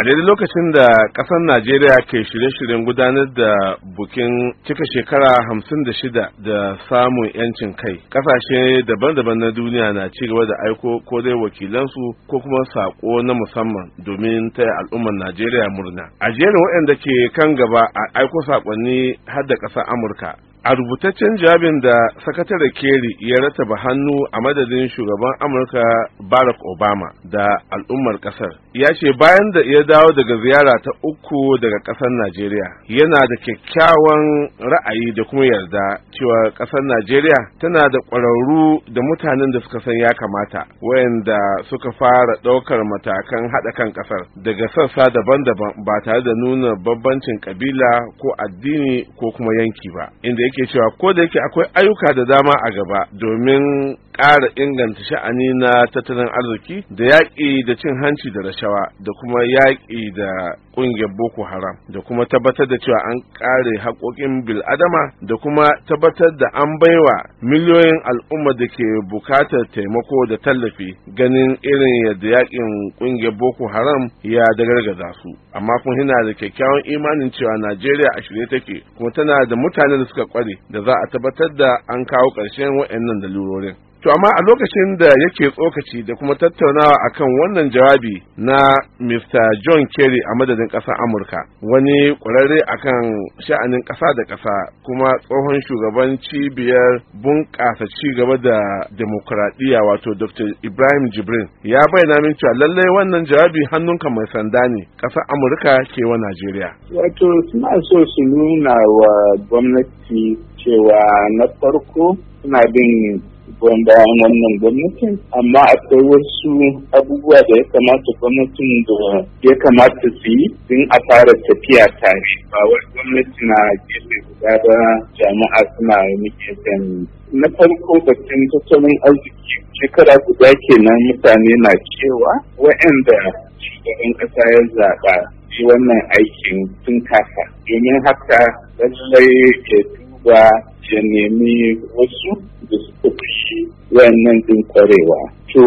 a daidai lokacin da kasar najeriya ke shirye-shiryen gudanar da bukin cika shekara hamsin da shida da samun yancin kai kasashe daban-daban na duniya na ci gaba da aiko ko dai wakilansu ko kuma sako na musamman domin taya al'ummar najeriya murna a jerin waɗanda ke kan gaba a aiko sakonni har da ƙasar amurka a rubutaccen jabin da sakatare kerry ya rataba hannu a madadin shugaban amurka barack obama da al'ummar kasar ya ce bayan da ya dawo daga ziyara ta uku daga kasar najeriya yana da kyakkyawan ra'ayi da kuma yarda cewa kasar najeriya tana da ƙwararru da mutanen da suka san ya kamata wayanda suka fara ɗaukar matakan haɗa kan kasar daga sassa daban-daban ba tare da nuna bambancin kabila ko addini ko kuma yanki ba inda yake cewa ko da yake akwai ayyuka da dama a gaba domin ƙara inganta sha'ani na tattalin arziki da yaƙi da cin hanci da rashawa da kuma yaƙi da ƙungiyar boko haram da kuma tabbatar da cewa an ƙare haƙoƙin bil'adama da kuma tabbatar da an baiwa miliyoyin al'umma da ke buƙatar taimako da tallafi ganin irin yadda yaƙin ƙungiyar boko haram ya dagargaza su amma kun hina da kyakkyawan imanin cewa najeriya a shirye take kuma tana da mutane da suka kware da za a tabbatar da an kawo ƙarshen waɗannan lalurorin to amma a lokacin da yake tsokaci da kuma tattaunawa akan wannan jawabi na Mr. John Kerry a madadin ƙasar Amurka wani ƙwararre akan sha'anin ƙasa da ƙasa kuma tsohon shugaban cibiyar bunƙasa ci gaba da demokuraɗiyya wato Dr. Ibrahim Jibrin ya bayyana min cewa lallai wannan jawabi hannunka mai sanda ne ƙasar Amurka ke wa Najeriya. Wato suna so su nuna wa gwamnati cewa na farko suna bin goyon bayan wannan gwamnatin amma akwai wasu abubuwa da ya kamata gwamnatin da ya kamata su yi sun a fara tafiya tashi ba wai gwamnati na gefe guda ba Jami'a suna wani na farko batun tattalin arziki shekara guda kenan mutane na cewa wa'anda shugaban ƙasa ya zaɓa shi wannan aikin sun kasa domin haka lallai ke duba ya nemi wasu da suka fushi wannan din kwarewa to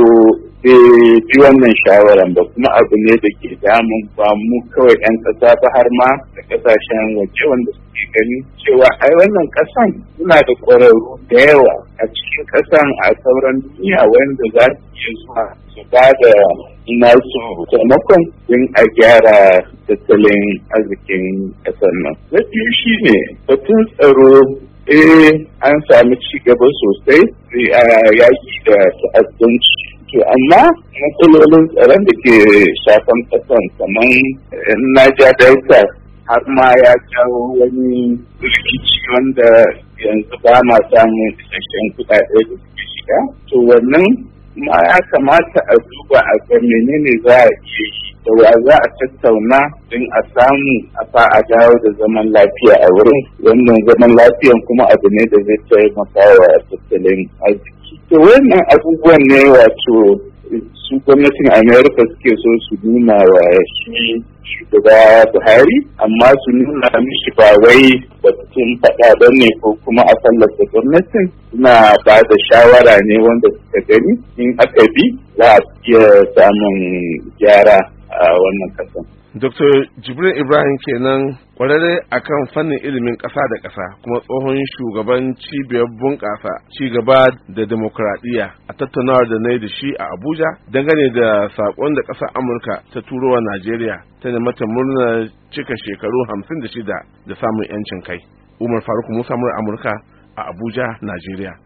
da eh, bi wannan shawaran ba kuma abu ne da ke damun ba mu kawai 'yan ƙasa ba har ma da ƙasashen waje wanda suke gani cewa ai wannan ƙasan suna da ƙwararru da yawa a cikin ƙasan a sauran duniya wanda za su iya zuwa su ba da nasu taimakon din a gyara tattalin arzikin ƙasar nan. Na biyu shine batun tsaro eh an sami ci gaba sosai a eh, yaki da ta'addanci to amma matsalolin tsaron da ke shafan kasan kamar eh, naja delta har ma ya jawo wani rikici wanda yanzu ba ma samun isasshen kuɗaɗe da suke shiga to wannan ma ya kamata a duba a ga menene za a iya shi? da wa za a tattauna din a samu a fa a dawo da zaman lafiya a wurin wannan zaman lafiyan kuma abu ne da zai taimaka wa tattalin arziki to wannan abubuwan ne wato su gwamnatin amerika suke so su nuna wa shi shugaba buhari amma su nuna mishi ba wai batun faɗa ba ne ko kuma a fallasa gwamnatin suna ba da shawara ne wanda suka gani in aka bi za a iya samun gyara a wannan kasan. Dr. Jibrin Ibrahim kenan kwararre akan fannin ilimin ƙasa da ƙasa kuma tsohon shugaban cibiyar bunƙasa cigaba da demokuraɗiyya a tattaunawar da na yi da shi a Abuja dangane da saƙon da ƙasar Amurka ta turowa Najeriya ta mata murna cika shekaru hamsin da shida da samun 'yancin kai. Umar Faruk Musa Amurka a Abuja, Najeriya.